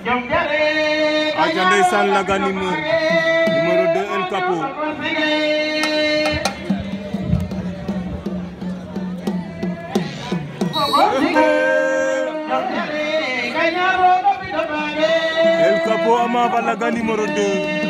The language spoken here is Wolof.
aca ndeysaan Laga numéro numéro 2 El Capo El Capo Ama Baldé Laga numéro 2